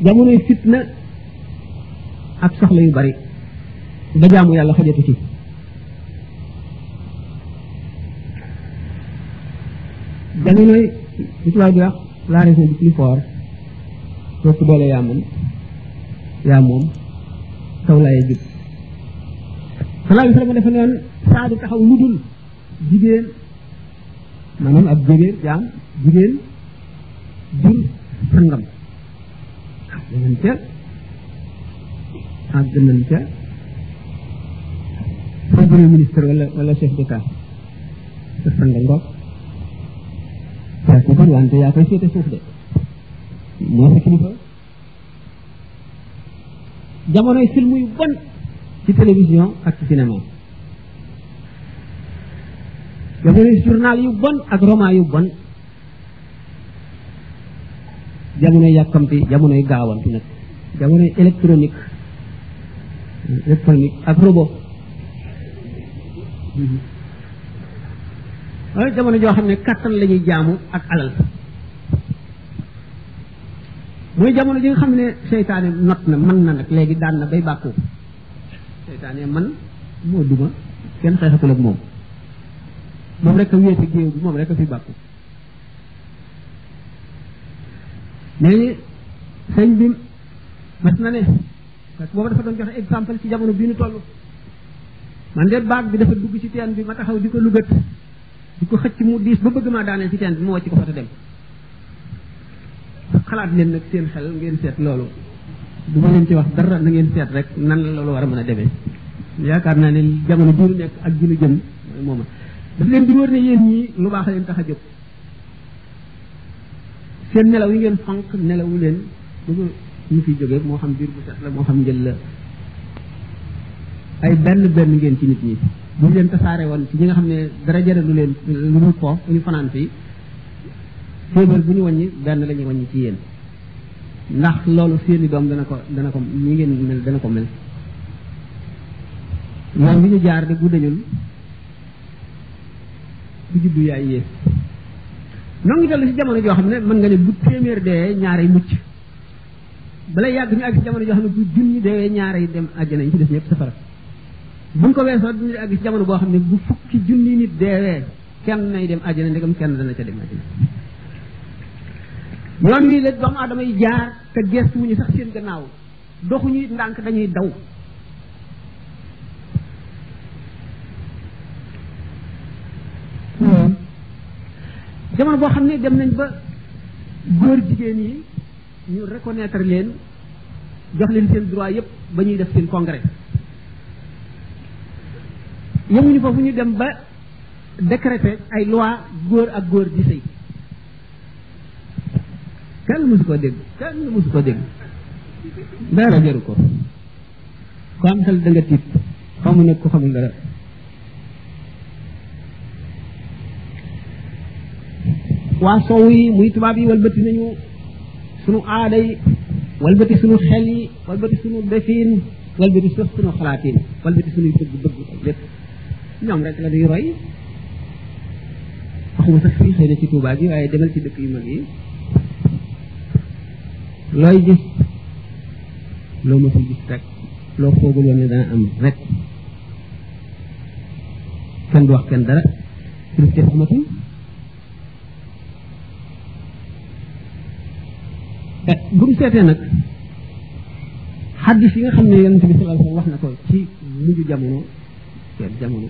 jamono fitna ak soxla yu bari ba jaamu yàlla xajatu ci jamono li tubaab di wax la raison du plus fort soo ko doole yaa moom yaa moom taw laay jub sallallahu alayhi wa sallam dafa ne woon saa du taxaw lu dul jigéen maanaam ab jigéen jaam jigéen jur sangam demikian hadden nanta premier ministre wala wala chef d'état defal ngok ya ko ko wante ya koy sété suuf de mo sa kilifa jamonoy film yu bon ci télévision ak ci cinéma jamonoy journal yu bon ak roman yu bon jamonoy yàkkamti jamonoy gaawantu nag jamonoy électronique électronique ak robot mm-hmm. wala jamono joo xam ne kàttan la ñuy jaamu ak alal mooy jamono ji nga xam ne seytaane not na mën na nag léegi daan na bay bàkku seytaane man moo duma kenn xeexatul ak moom moom rek a wéeti géew bi moom rek fi bàkku léegi sëñ bi mas na ne parce que dafa doon joxe exemple ci jamono bi ñu toll man de baag bi dafa dugg ci teen bi ma taxaw di ko lugat di ko xëcc mu diis ba bëgg maa daaneel ci teen bi ma wàcc ko fa dem xalaat leen nag seen xel ngeen seet loolu du ma leen ci wax dara na ngeen seet rek nan la loolu war a mën a demee yaakaar naa ne jamono bi ñu nekk ak ji ñu jëm mooy mooma daf leen di ne yéen ñii lu baax leen tax seen nelaw yi ngeen fànq nelawu leen ba ñu fi jógee moo xam biir bu set la moo xam njël la ay benn benn ngeen ci nit ñi bu leen tasaare woon ci ñi nga xam ne dara jaralu leen lu ñu foof ñu fanaan fii féebal bu ñu wàññi benn la ñuy wàññi ci yéen ndax loolu seeni doom dana ko dana ko ñi ngeen mel dana ko mel yoon bi ñu jaar de guddañul ku juddu yaay yées noo ngi toll si jamono joo xam ne mën nga ne bu téeméer dee ñaare mucc bala yàgg ñu àgg si jamono joo xam ne bu junni dee ñaare dem àjjana ñu ci def ñëpp safara buñ ko weesoo duñu àgg jamono boo xam ne bu fukki junni nit deewee kenn nay dem àjjana ndegam kenn dana ca dem àjjana yoon wi la doomu aadama yi jaar te gestu wuñu sax seen gannaaw doxuñu ndànk dañuy daw jamono boo xam ne dem nañ ba góor jigéen yi ñu reconnaître leen jox leen seen droit yépp ba ñuy def seen congrès yemuñu foofu ñu dem ba décréter ay loi góor ak góor di sëy kenn mosu ko dégg kenn mosu ko dégg dara jaru ko ku am xel da tiit xamu nag ku xamul dara waa sow yi muy tubaab yi walbati nañu sunu aada yi walbati sunu xel yi walbati sunu defiin walbati sax sunu bëgg-bëgg lépp ñoom rek la duy roy waxuma sax fii xëy na ci Tuubaa gi waaye demal ci dëkk yu mag gi looy gis loo mësul gis rek loo fooguloon ne dana am rek kenn du wax kenn dara christian amatul bu ñu seetee nag xaddis nga xam ne yonent bi sallallahu alayhi wasallam wax na ko ci mujj jamono seen jamono